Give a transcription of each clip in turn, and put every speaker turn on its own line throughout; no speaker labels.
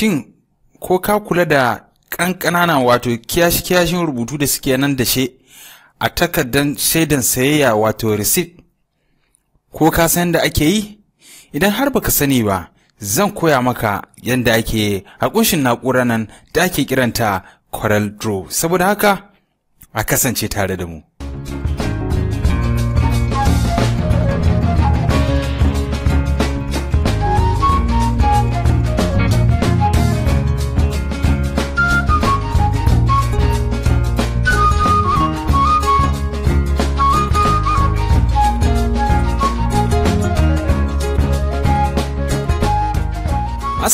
shin ko ka kula da ƙanƙanana wato kiyashi-kiyashin rubutu da suke nan da she a takardar shaidan sayayya wato receipt ko ka san da ake yi idan har baka sani ba zan koya maka yadda ake a kunshin na'ura nan da ake kiranta coral Draw saboda haka a kasance tare da mu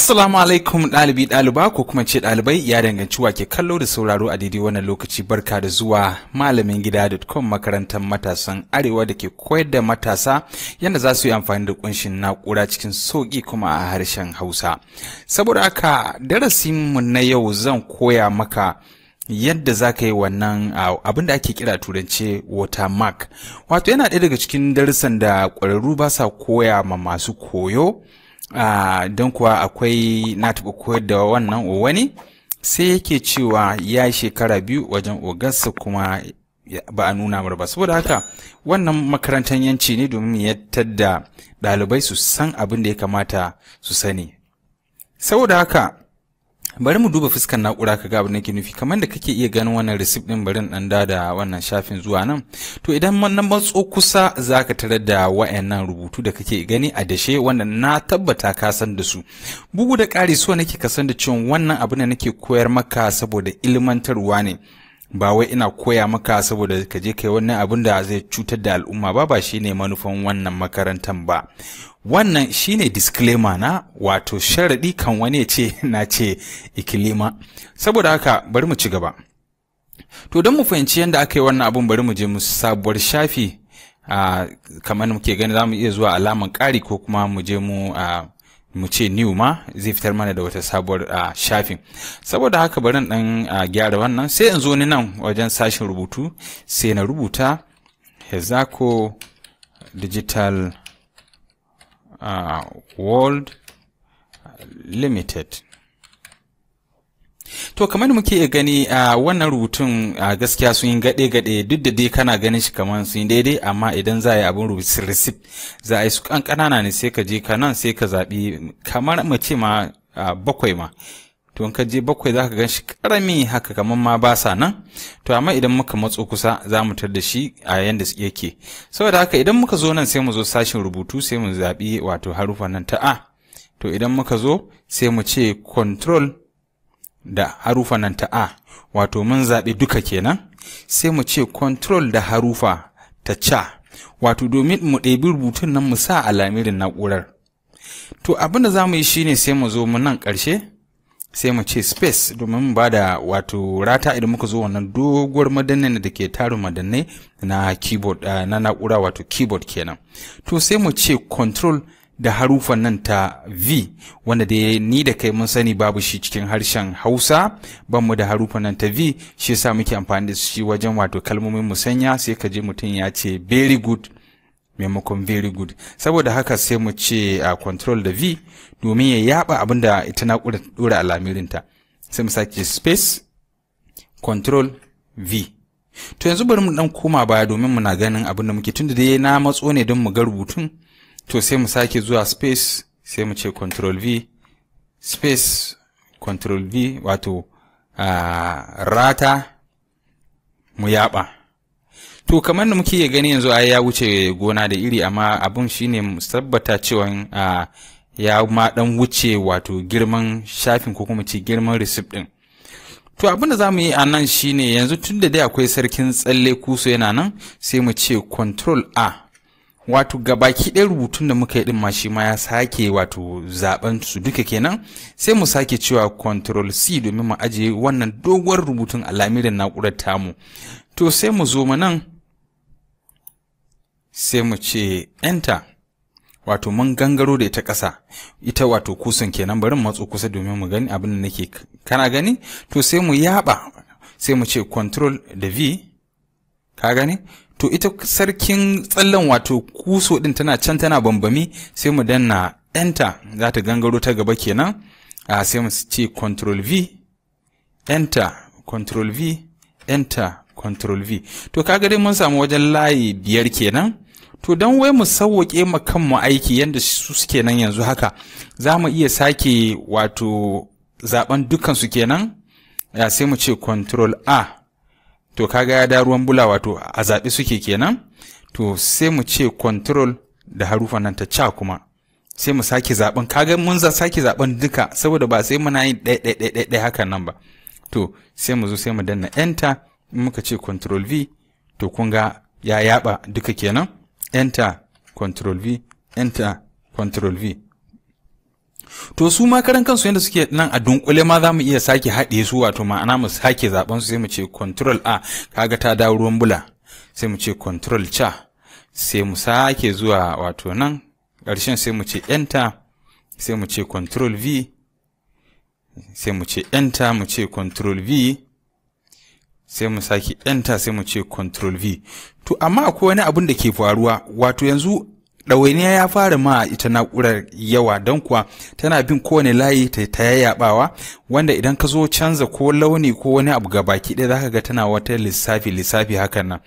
Assalamu alaikum ɗalibi ɗaliba ko kuma ce ɗalibai ya danganci wa ke kallo da sauraro a daidai wannan lokaci barka da zuwa malamin gida.com makarantar matasan arewa da ke koyar da matasa yadda za su yi amfani da kunshin na'ura cikin sauki kuma a harshen Hausa. Saboda haka mu na yau zan koya maka yadda za ka yi wannan abin da ake kira turance watermark wato yana ɗaya daga cikin darussan da ƙwararru ba sa koya ma masu koyo don kuwa akwai na taɓa koyar da wannan wani sai yake cewa ya shekara biyu wajen ogarsa kuma ba a nuna mar ba saboda haka wannan makarantar yanci ne domin ya da ɗalibai su san abin da ya kamata su sani saboda haka bari mu duba fuskar na'ura ka ga abin ke nufi kamar da kake iya ganin wannan receipt din bari dan da da wannan shafin zuwa nan to idan na matso kusa zaka tarar da wayannan rubutu da kake gani a dashe wanda na tabbata ka san da su bugu da kare so nake ka san da cewa wannan abin da nake koyar maka saboda ilmantarwa ne ba wai ina koya maka saboda ka je kai wannan abin da zai cutar da al'umma ba ba shine manufan wannan makarantan ba wannan shine disclaimer na wato sharadi kan wani ce na ce ikilima saboda haka bari mu ci gaba to don mu fahimci yadda aka yi wannan abin bari mu je mu sabuwar shafi kamar muke gani zamu iya zuwa alaman ƙari ko kuma mu je mu mu ce new ma zai fitar mana da wata sabuwar shafin saboda haka barin dan gyara wannan sai in zo ni nan wajen sashin rubutu sai na rubuta hezako digital world limited To kamar muke gani a wannan rubutun a gaskiya sun yi gaɗe gade duk da dai kana ganin shi kamar sun yi daidai amma idan za a yi abin rubutun receipt za a yi su kankana ne sai ka je ka nan sai ka zaɓi kamar mace ma bakwai ma. To in ka je bakwai za ka gan shi karami haka kamar ma ba sa nan. To amma idan muka matso kusa za mu tar da shi a yanda yake. Saboda haka idan muka zo nan sai mu zo sashin rubutu sai mu zaɓi wato harufan nan ta A. To idan muka zo sai mu ce control da harufa nan ta a wato mun zaɓi duka kenan sai mu ce control da harufa ta ca wato domin mu ɗebi rubutun nan mu sa a lamirin na'urar to abin da za mu yi shine sai mu zo mu nan ƙarshe sai mu ce space domin mu bada wato rata idan muka zo wannan doguwar madannin da ke tarin madannai na keyboard eh, na na'ura wato keyboard kenan to sai mu ce control da harufan nan ta V wanda da ni da kai mun sani babu shi cikin harshen Hausa ban mu da harufan nan ta V shi yasa muke amfani da shi wajen wato kalmomin musanya sai ka je mutum ya ce very good maimakon very good saboda haka sai mu ce a control da V domin ya yaba abin da ita na dora alamirinta sai mu sake space control V to yanzu bari mu dan koma baya domin muna ganin abin da muke tunda dai na matso ne don mu ga rubutun to sai mu sake zuwa space sai mu ce control v space control v wato uh, rata mu yaba to kamar da muke gani yanzu ai ya wuce gona da iri amma abun shine mu tabbata cewa uh, ya ma dan wuce wato girman shafin ko kuma ce girman receipt din to abin da za mu yi a nan shine yanzu tun da dai akwai sarkin tsalle kuso yana nan sai mu ce control a wato gabaki ɗaya rubutun da muka yi ɗin ma shi ma ya sake wato zaben su duka kenan sai mu sake cewa control c domin mu ajiye wannan doguwar rubutun alamirin na'urar tamu to sai mu zo nan sai mu ce enter wato mun gangaro da ita ƙasa ita wato kusan kenan bari matso kusa domin mu gani abin da nake kana gani to sai mu yaba sai mu ce control da v ka gani to ita sarkin tsallen wato kuso ɗin tana can tana bambami sai mu danna enter za ta gangaro ta gaba kenan a sai mu ce control v enter control v enter control v to kaga dai mun samu wajen layi biyar kenan to don wai mu sauwaƙe ma kanmu aiki yadda su suke nan yanzu haka za mu iya sake wato zaben dukansu kenan sai mu ce control a to kaga ya da ruwan bula wato a zaɓe suke kenan to sai mu ce control da harufan nan ta ca kuma sai mu sake zaɓen kaga mun za sake zaɓen duka saboda ba sai muna yin ɗaya hakan nan ba to sai mu zo sai mu danna enter in muka ce control v to kun ga ya yaba duka kenan enter control v enter control v to su ma karan kansu yadda suke nan a dunkule ma za mu iya sake haɗe su wato ma'ana mu sake zaben su sai mu ce control a kaga ta dawo ruwan bula sai mu ce control cha sai mu sake zuwa wato nan ƙarshen sai mu ce enter sai mu ce control v sai mu ce enter mu ce control v sai mu sake enter sai mu ce control v to amma akwai wani abun da ke faruwa wato yanzu ɗawainiya ya fara ma ita na'urar yawa don kuwa tana bin kowane layi ta ta yayyabawa wanda idan ka zo canza ko launi ko wani abu ga baki ɗaya za ka ga tana wata lissafi lissafi hakan nan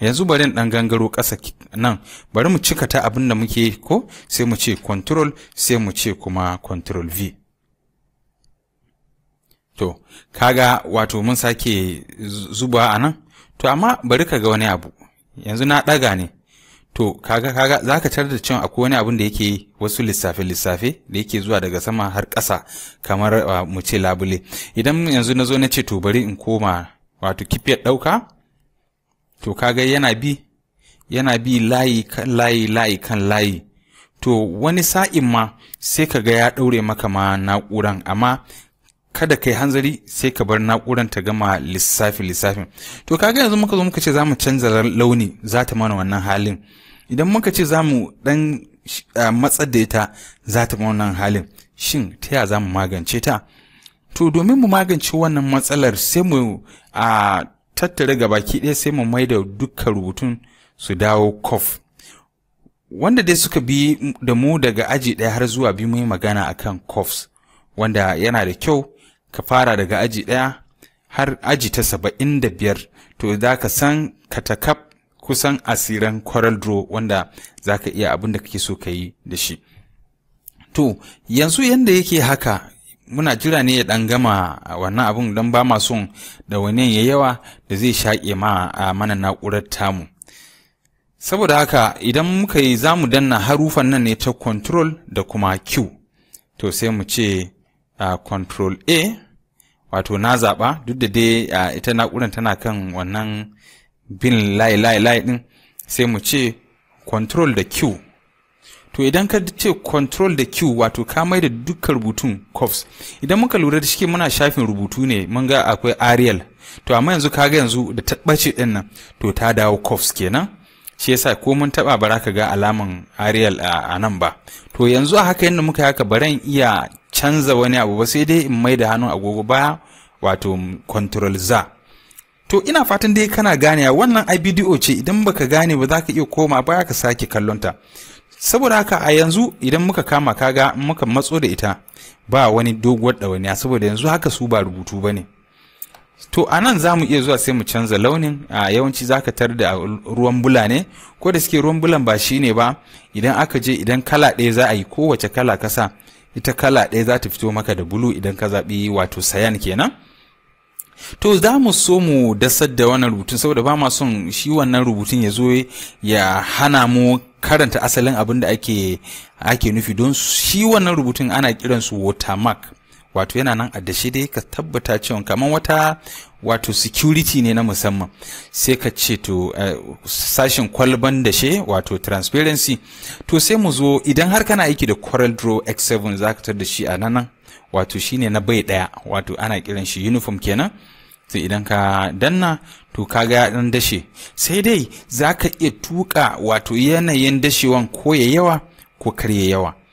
yanzu bari ɗan gangaro ƙasa nan bari mu cika ta abin da muke ko sai mu ce control sai mu ce kuma control v to kaga wato mun sake zuba a nan to amma bari ka ga wani abu yanzu na ɗaga ne to kaga kaga za ka da cewa akwai wani abin da yake wasu lissafe lissafe da yake zuwa daga sama har ƙasa kamar uh, mu ce labule idan yanzu na zo na ce to bari in koma wato kifiyar ɗauka to kaga yana bi yana bi layi kan layi layi kan layi to wani sa'in ma sai ka ga ya ɗaure maka ma na'uran amma kada kai hanzari sai ka bar na'uran ta gama lissafi lissafin to kaga yanzu muka zo muka ce zamu canza launi za ta mana wannan halin idan muka ce zamu dan matsar da ita za ta mana wannan halin shin ta ya zamu magance ta to domin mu magance wannan matsalar sai mu a tattare gabaki ɗaya sai mu maida dukkan rubutun su dawo kof wanda dai suka bi da mu daga aji ɗaya har zuwa biyu mu yi magana akan kofs wanda yana da kyau ka fara daga aji ɗaya har aji ta saba'in da biyar to za ka san katakaf kusan asiran coral draw wanda za ka iya abin da kake so ka yi da shi to yanzu yanda yake haka muna jira ne ya ɗan gama wannan abin don ba ma son da wani ya yawa da zai shaƙe ma a mana na'urar tamu saboda haka idan muka yi za mu danna harufan nan ne ta control da kuma q to sai mu ce control a wato na zaɓa duk da dai ita na'urar tana kan wannan bin layi layi layi ɗin sai mu ce control da q to idan ka ce control da q wato ka mai da dukkan rubutun cuffs idan muka lura da shike muna shafin rubutu ne mun ga akwai arial to amma yanzu kaga yanzu da ta ɗin nan to ta dawo cuffs kenan shi yasa ko mun taɓa bara ka ga alaman arial a nan ba to yanzu a haka yadda muka haka baran iya canza wani abu ba sai dai in mai da hannun agogo baya wato control za to ina fatan dai kana a wannan ai ce idan baka gane ba za ka iya koma baya ka sake kallonta saboda haka a yanzu idan muka kama kaga muka matso da ita ba wani doguwar ɗawainiya saboda yanzu haka su ba rubutu ba ne to a nan za mu iya zuwa sai mu canza launin a yawanci za ka tar da ruwan bula ne ko da suke ruwan bulan ba shi ne ba idan aka je idan kala ɗaya za a yi kowace kala kasa ita kala ɗaya za ta fito maka da bulu idan ka zaɓi wato sayan kenan to za mu so mu dasar da wannan rubutun saboda ba ma son shi wannan rubutun ya zo ya hana mu karanta asalin abin da ake nufi don shi wannan rubutun ana kiransu watermark wato yana nan a dashe dai ka tabbata cewa kamar wata wato security ne na musamman sai ka ce to sashen eh, sashin kwalban dashe wato transparency to sai mu zo idan har kana aiki da coral Draw X7 za ka tar da shi a nan wato shine na bai daya wato ana kiran shi uniform kenan sai idan ka danna to kaga ya dan dashe sai dai za ka iya tuka wato yanayin dashewan ko ya yawa ko karya yawa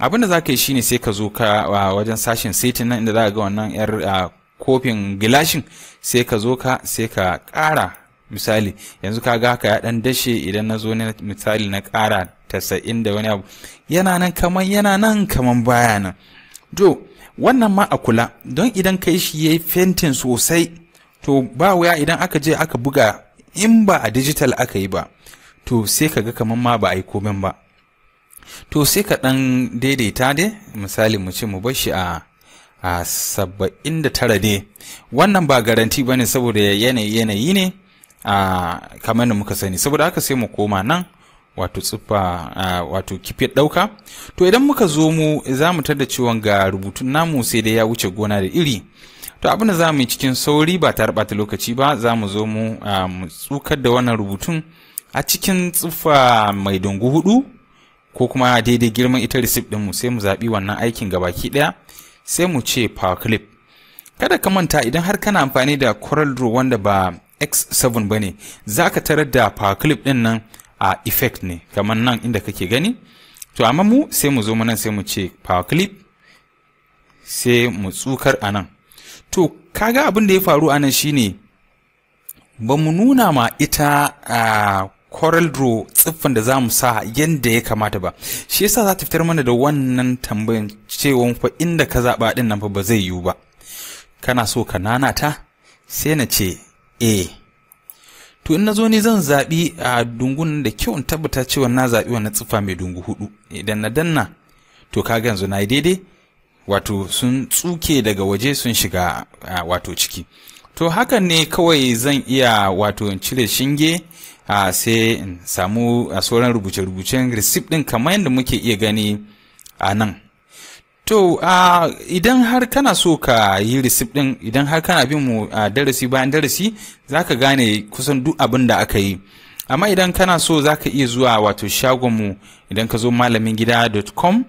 abinda za ka yi shine sai ka zo ka wajen sashen setin nan inda za ga wannan yar kofin gilashin sai ka zo ka sai ka ƙara misali yanzu ka ga haka ya dan dashe idan na zo ne misali na kara tasa'in da wani abu yana nan kaman yana nan kaman baya nan to wannan ma a kula don idan kai shi ya yi fentin sosai to ba wuya idan aka je aka buga in ba a digital aka yi ba to sai ka ga kaman ma ba a yi komen ba to sai ka ɗan daidaita dai misali mu ce mu bar shi a a saba'in da tara ne wannan ba garanti ba ne saboda yanayi yanayi ne a kamar da muka sani saboda haka sai mu koma nan wato tsufa wato kife ɗauka to idan muka zo mu za mu tada ciwon ga rubutun namu sai dai ya wuce gona da iri to abin da za mu yi cikin sauri ba tare ɓata lokaci ba za mu zo mu tsukar da wannan rubutun a cikin tsufa mai dungu hudu ko kuma daidai girman ita receipt dinmu sai mu zaɓi wannan aikin gabaki ɗaya sai mu ce power clip kada ka manta idan har kana amfani da coral draw wanda ba x7 ba ne za ka tarar da power clip ɗin nan a effect ne kamar nan inda kake gani to amma mu sai mu zo mu nan sai mu ce power clip sai mu tsukar a nan to kaga abin da ya faru a nan shine ba mu nuna ma ita ah, Coral Draw tsiffin da za mu sa yadda ya kamata ba shi yasa za ta fitar mana da wannan tambayin cewa fa inda ka zaɓa ɗin nan fa ba zai yiwu ba kana so ka nana ta sai na ce eh to in na zo ni zan zaɓi a dungun da kyau in tabbata cewa na zaɓi wannan tsiffa mai dungu hudu idan na danna to ka ganzu na yi daidai wato sun tsuke daga waje sun shiga wato ciki to hakan ne kawai zan iya wato cire shinge a sai in samu a sauran rubuce-rubucen receipt din kamar yadda muke iya gani a nan to a idan har kana so ka yi receipt din idan har kana bin mu a darasi bayan darasi zaka gane kusan duk abin da aka yi amma idan kana so za ka iya zuwa wato shagonmu idan ka zo malamin gida.com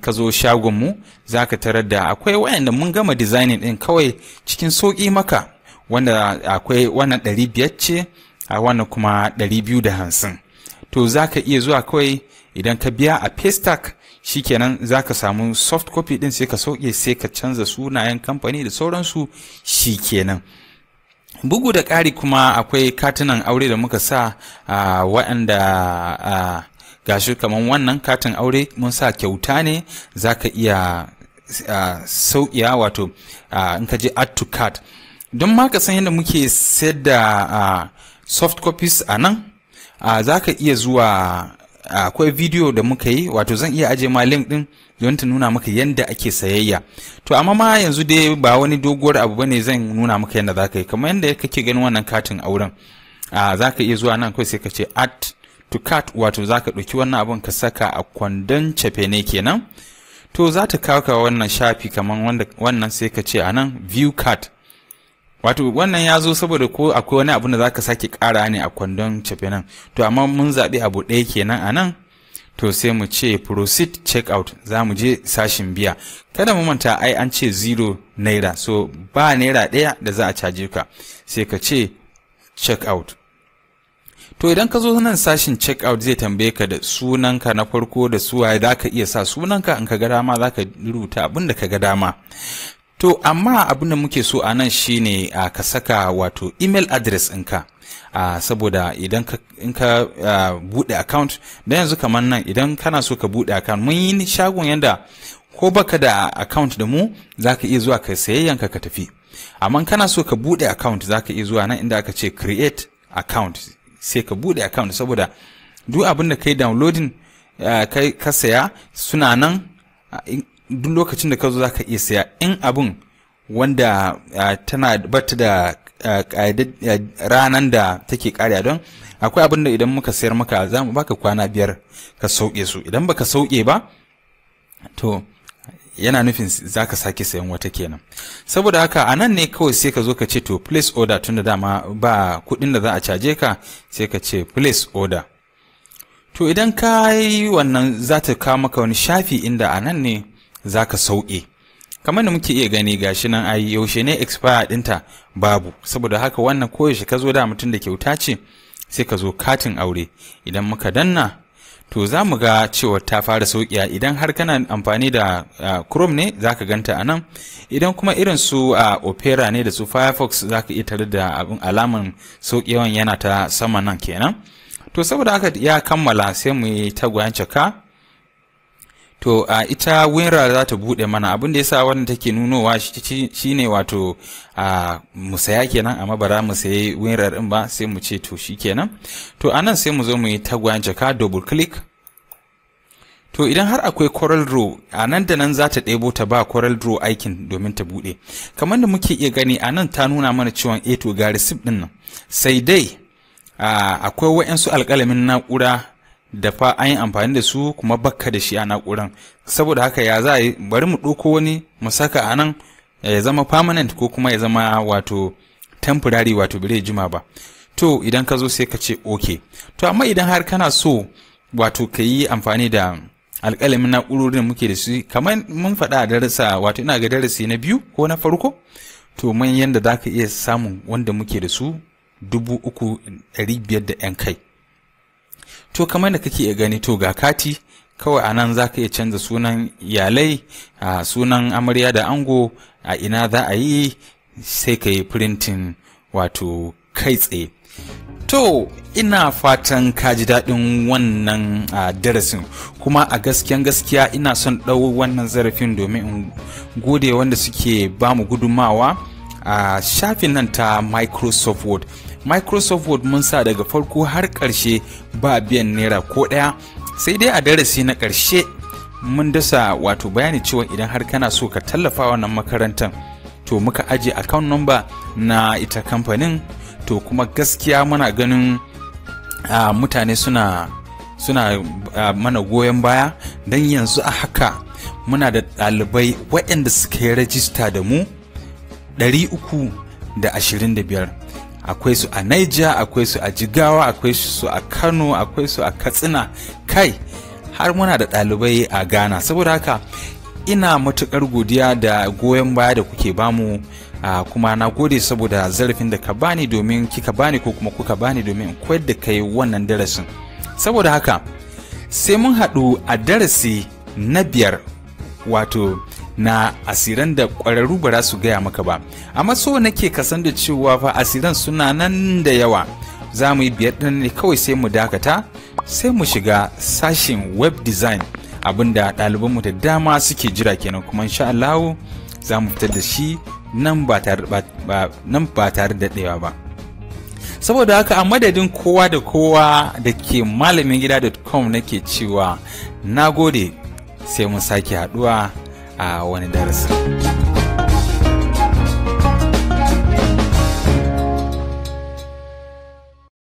ka zo shagonmu za ka tarar da akwai wayanda mun gama designing din kawai cikin sauki maka wanda akwai wannan 500 ce a wannan kuma 250 to za ka iya zuwa kawai idan ka biya a paystack shikenan za ka samu soft copy din sai ka sauke sai ka canza sunayen kamfani da sauransu shi kenan bugu da ƙari kuma akwai katunan aure da muka sa a waɗanda gashi kamar wannan katin aure mun sa kyauta ne za ka iya sauƙiya wato in ka je add to cart don ma ka san yadda muke sayar da soft copies a nan za ka iya zuwa akwai video da muka yi wato zan iya aje ma link din don ta nuna maka yadda ake sayayya to amma ma yanzu dai ba wani doguwar abu bane zan nuna maka yadda za ka yi kamar yadda kake ganin wannan katin auren za ka iya zuwa nan kawai sai ka ce add to cart wato za ka ɗauki wannan abun ka saka a kwandon ne kenan to za ta kawo ka wannan shafi kamar wannan sai ka ce a nan view cart wato wannan ya zo saboda ko akwai wani abu da za ka sake kara ne a kwandon cefe nan to amma mun zaɓi abu ɗaya kenan a nan to sai mu ce proceed check out za mu je sashin biya kada mu manta ai an ce zero naira so ba naira ɗaya da za a caje ka sai ka ce check out. to idan ka zo nan sashin check out zai tambaye ka da sunanka na farko da suwaye za ka iya sa sunanka in ka ga dama za ka rubuta abin da ka ga dama To amma abin da muke so a nan shi ne uh, ka saka wato email address ɗinka. Uh, saboda idan ka bude account da yanzu kamar nan idan kana so ka bude account mun yi shagon yanda ko baka da account da mu ka iya zuwa ka sayayyanka ka tafi amma kana so ka buɗe account zaka iya zuwa nan inda aka ce create account sai ka buɗe account saboda duk abin da kai downloading uh, ka saya suna nan duk lokacin da ka zo za ka iya saya in abin wanda tana bata da ranar da take kariya don akwai abin da idan muka sayar maka za mu baka kwana biyar ka sauke su idan baka sauke ba to yana nufin za ka sake sayan wata kenan saboda haka a nan ne kawai sai ka zo ka ce to place order tunda dama ba kuɗin da za a caje ka sai ka ce place order to idan ka yi wannan za ta kawo maka wani shafi inda a nan ne za ka sauke kamar da muke iya gani gashi nan ai yaushe ne expire ɗinta babu saboda haka wannan koyaushe ka zo da mutum da kyauta ce sai ka zo katin aure idan muka danna to za mu ga cewa ta fara sauƙiya idan har kana amfani da chrome ne za ka ganta a nan idan kuma irin su a opera ne da su firefox za ka iya tare da abin alaman sauƙewan yana ta sama nan kenan to saboda haka ya kammala sai mu yi tagwayen caka to a uh, ita winra za ta bude mana abin da yasa wannan take nunowa shine wato a musaya kenan amma ba za mu sayi winra din ba sai mu ce to shikenan to anan sai mu zo mu yi tagwayen jaka double click to idan har akwai coral draw a nan da nan za ta ɗebo ta ba coral draw aikin domin ta bude kamar da muke iya gani a nan ta nuna mana cewa e to ga receipt din nan sai dai akwai wa'yansu alƙalamin na'ura da fa an yi amfani da su kuma bakka da shi a na'uran saboda haka ya za a yi bari mu ɗauko wani mu saka a nan eh, ya zama permanent ko kuma ya zama wato temporary wato bire jima ba to idan ka zo sai ka ce ok to amma idan har kana so wato ka yi amfani da alƙalamin na'urorin muke da su kamar mun faɗa a darasa wato ina ga darasi na biyu ko na farko to man yanda za ka iya samun wanda muke da su dubu uku ɗari biyar da 'yan kai to kamar da kake gani to ga kati kawai a nan za ka iya canza sunan iyalai a sunan amarya da ango a ina za a yi sai ka yi printin wato kai tsaye to ina fatan ka ji daɗin wannan darasin kuma a gaskiyan gaskiya ina son ɗau wannan zarafin domin in gode wanda suke bamu gudummawa. gudunmawa a shafin nan ta microsoft word microsoft word mun sa daga farko har ƙarshe ba biyan naira ko ɗaya sai dai a darasi na ƙarshe mun dasa wato bayani cewa idan har kana so ka tallafa wannan makarantar to muka aje account number na ita kamfanin to kuma gaskiya muna ganin uh, mutane suna suna uh, mana goyon baya don yanzu a haka muna da ɗalibai waɗanda suka yi rajista da mu 325 akwai su a Niger akwai su a Jigawa akwai su a Kano akwai su a Katsina kai har muna da ɗalibai a Ghana saboda haka ina matukar godiya da goyon baya da kuke bamu a kuma na gode saboda zarafin da ka bani domin kika bani ko kuma kuka bani domin koyar da kai wannan darasin saboda haka sai mun haɗu a darasi na biyar wato na asiran da ƙwararru ba za su gaya maka ba amma so nake kasan da cewa fa asiran suna nan da yawa za mu yi biyar ɗin ne kawai sai mu dakata sai mu shiga sashin web design abinda mu da dama suke jira kenan kuma insha Allah za mu fitar da shi nan ba tare da ɗewa ba saboda haka a madadin kowa da kowa da ke malamin gida.com nake cewa na gode sai mun sake haɗuwa a wani darasin